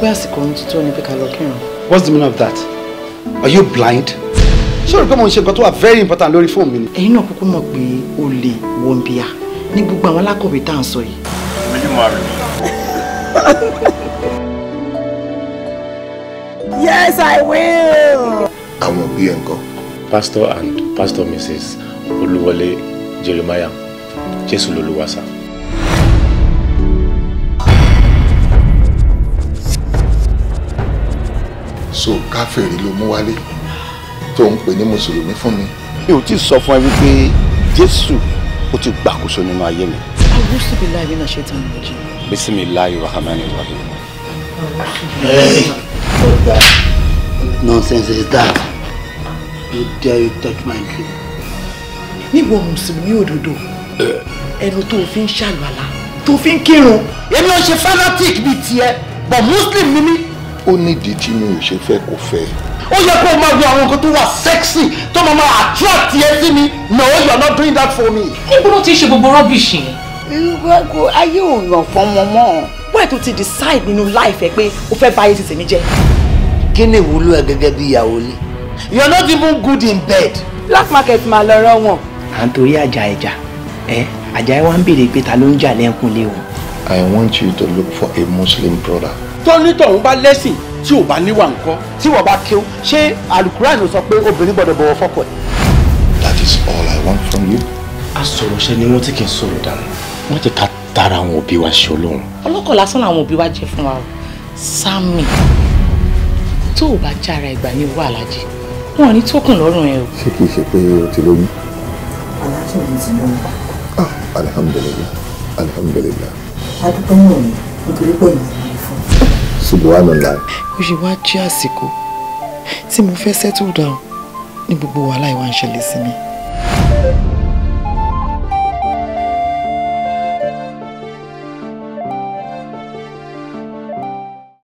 pé àsìkò ohun tuntun ni pé lọ kírun. what's the meaning of that? are you blind? ṣé o rò pé mo ń ṣe nǹkan tó wà very important lórí fóònù mi ni. ẹ̀yin náà kúkú mọ̀ pé o lè wo ń bíyà ní gbogbo àwọn alákọ̀wé tá à ń sọ yìí. will you marry me? yes i will. àwọn òbí ẹ̀ ń kọ́. pastor and pastor mrs olúwọlé jeremiah jésù lolúwa so káfíìrì ló mú wálé tó ń pè ní mùsùlùmí fún mi. mi ò tí ì sọ fún ẹ wípé jésù ó ti gbàkóso nínú ayé mi. àwùjọ bí láì nínú ṣe tán lójú. bisimilayi rahman rahim. nonsense is that you dare you touch my dream. níwọ mùsùlùmí òdodo ẹnu tó o fi ń ṣàlùwàlà tó o fi ń kírun. èmi ò ṣe fanatic bíi tiẹ̀ but muslim ni mí ó nídìí tí mi ò ṣe fẹ́ kó fẹ́. ó yẹ kó o máa wo àwọn nǹkan tó wà sexy tó máa máa attract yẹn sí mi no you are not doing that for me. níbo ló ti ṣe gbogbo rubbish yẹn. ìrọ̀gbọ̀ ayé ò yàn fún ọmọ mọ́ wẹ́ẹ̀ tó ti decide nínú life pé o fẹ́ bà ti tèmi jẹ́. kí ni ìwúlò ẹ gẹ́gẹ́ bí ìyàwó ni you are not even good in bed. black market máa lọ rán wọn. à ń torí àjà ẹja ẹ àjà ẹ wá ń béèrè pé ta ló ń jà lẹ́kùnlé o. I want you to look for a Muslim brother tọ́nítọ̀hún bá lẹ́sìn tí ò bá níwà ńkọ́. tí wọ́n bá kíw ṣé alukurani sọ pé obìnrin gbọ́dọ̀ bọ̀wọ̀ fọ́kọ ẹ̀. that is all i want from you. asọ̀rọ̀ṣẹ́ ni wọ́n ti kì í sọ̀rọ̀ dànù wọ́n ti ka tara àwọn òbí wa ṣe olóhùn. ọlọ́kọ̀ lásán làwọn òbí wa jẹ́ fún wa o sami tó o bá jára ìgbà ní owó alájẹ wọn ò ní tókùn lọ́rùn ẹ o. ṣé kìí ṣe pé o ti lóyún. alhamdulilayi alhamdulilayi. adúgbò náà ni nítorí pé subhanallah. ó ṣe wá jí àsìkò tí mo fẹ́ settle down ní gbogbo wàhálà ìwà ń sí mi.